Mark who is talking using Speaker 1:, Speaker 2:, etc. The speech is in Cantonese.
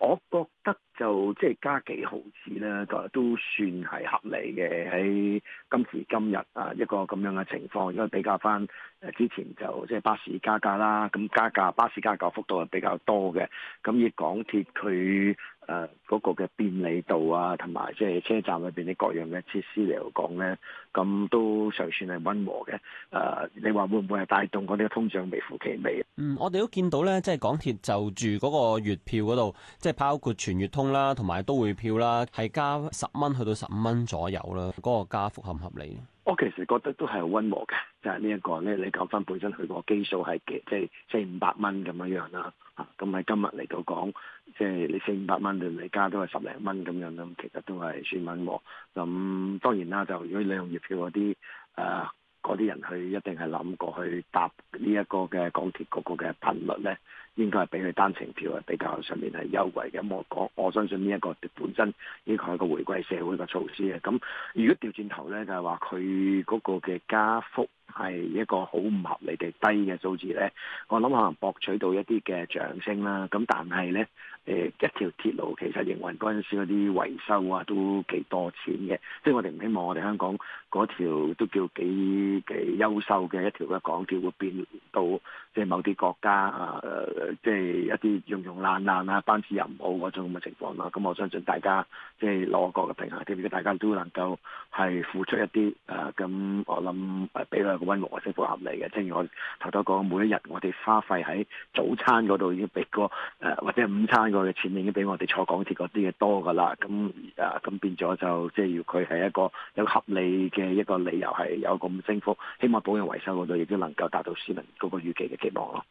Speaker 1: 我覺得就即係加幾毫子咧，都算係合理嘅。喺今時今日啊，一個咁樣嘅情況，如果比較返誒之前就即係巴士加價啦，咁加價巴士加價幅度係比較多嘅。咁以港鐵佢，誒嗰、呃那個嘅便利度啊，同埋即係車站裏邊啲各樣嘅設施嚟講呢，咁都尚算係温和嘅。誒、呃，你話會唔會係帶動嗰啲嘅通脹，微乎其微啊？嗯，
Speaker 2: 我哋都見到呢，即係港鐵就住嗰個月票嗰度，即係包括全月通啦，同埋都會票啦，係加十蚊去到十五蚊左右啦，嗰、那個加幅合唔合理？
Speaker 1: 我其實覺得都係好温和嘅，就係呢一個咧，你講翻本身佢個基數係幾，即係四五百蚊咁樣樣啦，啊，咁喺今日嚟到講，即係你四五百蚊度嚟加多係十零蚊咁樣啦，其實都係算温和。咁當然啦，就如果你用月票嗰啲，誒嗰啲人去，一定係諗過去搭。呢一個嘅港鐵嗰個嘅頻率咧，應該係比佢單程票啊比較上面係優惠嘅。咁我講，我相信呢一個本身應該係個回饋社會嘅措施嘅。咁如果調轉頭咧，就係話佢嗰個嘅加幅係一個好唔合理嘅低嘅數字咧，我諗可能博取到一啲嘅掌聲啦。咁但係咧，誒一條鐵路其實營運嗰陣時嗰啲維修啊都幾多錢嘅，即係我哋唔希望我哋香港嗰條都叫幾幾優秀嘅一條嘅港鐵會變。到即係某啲國家啊、呃，即係一啲庸庸爛爛啊，班次又唔好嗰種咁嘅情況啦。咁我相信大家即係攞個嘅平衡，核，如果大家都能夠係付出一啲誒，咁、呃、我諗誒俾兩個溫和或者升幅合理嘅。正如我頭先講，每一日我哋花費喺早餐嗰度已經比個誒或者午餐個嘅錢已經比我哋坐港鐵嗰啲嘢多噶啦。咁啊咁變咗就即係要佢係一個有一個合理嘅一個理由係有咁升幅，希望保養維修嗰度亦都能夠達到嗰個預期嘅期望咯。